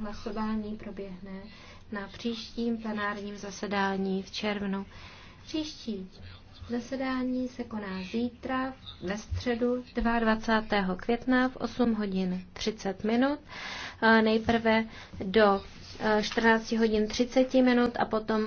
hlasování proběhne na příštím plenárním zasedání v červnu. Příští zasedání se koná zítra ve středu 22. května v 8 hodin 30 minut. Nejprve do 14 eh, hodin 30 minut a potom